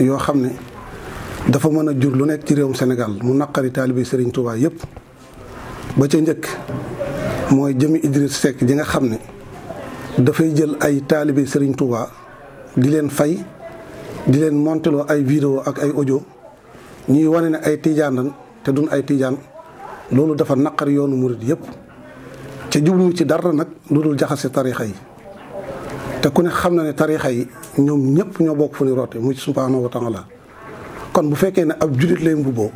yoo xam ne dafa mën a jur lu nekk ci réewum Sénégal mu naqari taalibe Serigne Touba yépp ba ca njëkk mooy jëmi Idriss Seck ji nga xam ne dafay jël ay taalibe Serigne Touba di leen fay di leen monteloo ay vidéo ak ay audio ñuy wane ne ay tijaan te duñ ay tijaan loolu dafa naqari yoonu murid yépp ca jublu ci dara nag lu dul jaxase tarixa yi te ku ne xam na ne tariixa yi ñoom ñëpp ñoo bokk fu ñu roote mu subhaanahu wa taala kon bu fekkee ne ab jullit lay mbubboo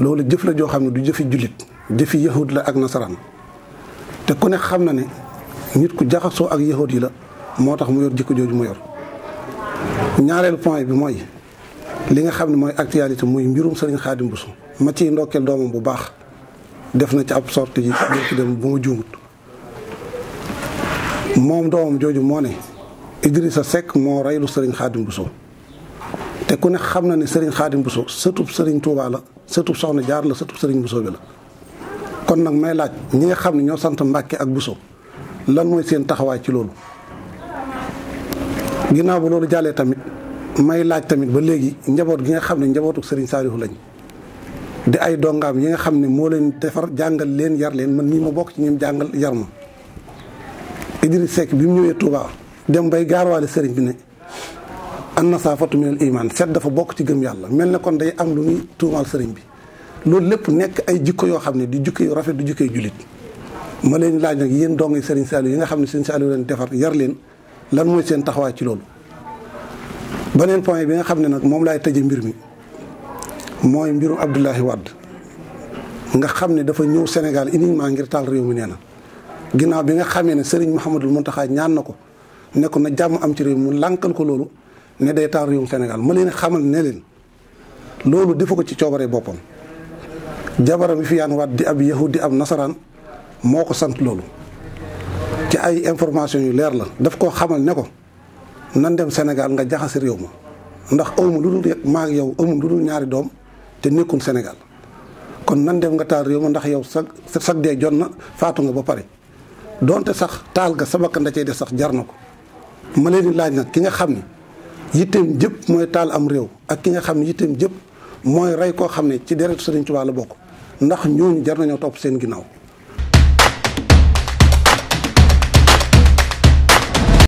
loolu jëf la joo xam ne du jëfi jullit jëfi yahud la ak nasaraan te ku ne xam na ne nit ku jaxasoo ak yahud yi la moo tax mu yor jikko jooju mu yor ñaareelu point bi mooy li nga xam ne mooy actualité muy mbirum Sëriñ Xaadim mbusu ma ciy ndokkeel doomam bu baax def na ci ab sorte yi ci dem bu ma juumut moom doomam jooju moo ne Idrissa Seck moo reylu Serigne Khadim Bousso te ku ne xam na ne Serigne Khadim Bousso sëtub sëriñ Touba la sëtub Soxna Jaar la sëtub sëriñ Bousso bi la. kon nag may laaj ñi nga xam ne ñoo sant Mbàkke ak Bousso lan mooy seen taxawaay ci loolu ginnaaw bi loolu jàllee tamit may laaj tamit ba léegi njaboot gi nga xam ne njabootu Serigne Saliou lañ. di ay dongaam yi nga xam ne moo leen defar jàngal leen yar leen man mii ma bokk ci ñoom jàngal yar ma Idriss Seck bi dem bay gaarwaale sëriñ bi ne an nasaafatu min al iman set dafa bokk ci gëm yàlla mel na kon day am lu ñuy tuumaal sëriñ bi loolu lépp nekk ay jikko yoo xam ne di jikko yu rafet du jikko yu jullit ma laaj nag yéen dongoy sëriñ yi nga xam ne sëriñ Saliou leen defar yar leen lan mooy seen taxawaay ci loolu beneen point bi nga xam ne nag moom laay tëje mbir mi mooy mbirum Abdoulaye Wade nga xam ne dafa ñëw Sénégal uniquement ngir taal réew mi nee na ginnaaw bi nga xamee ne sëriñ Mouhamadul taxaa ñaan na ko ne na jàmm am ci réew mu lànkal ko loolu ne day taal réewum Sénégal ma leen xamal ne leen loolu defu ko ci coobaree boppam jabaram bi fi di ab yahud di ab nasaraan moo ko sant loolu ci ay information yu leer la daf koo xamal ne ko nan dem Sénégal nga jaxase réew ma ndax awma lu dul yow amul ñaari doom te nekkul Sénégal kon nan dem nga taal réew ma ndax yow sa sag dee jot na faatu nga ba pare donte sax taal ga sa bakkan da cey def sax jar na ko ma leen laaj nag ki nga xam ni yitteem jëpp mooy taal am réew ak ki nga xam ne yitteem jëpp mooy rey koo xam ne ci deretu Sëriñ Tuubaa la bokk ndax ñooñu jar nañoo topp seen ginnaaw.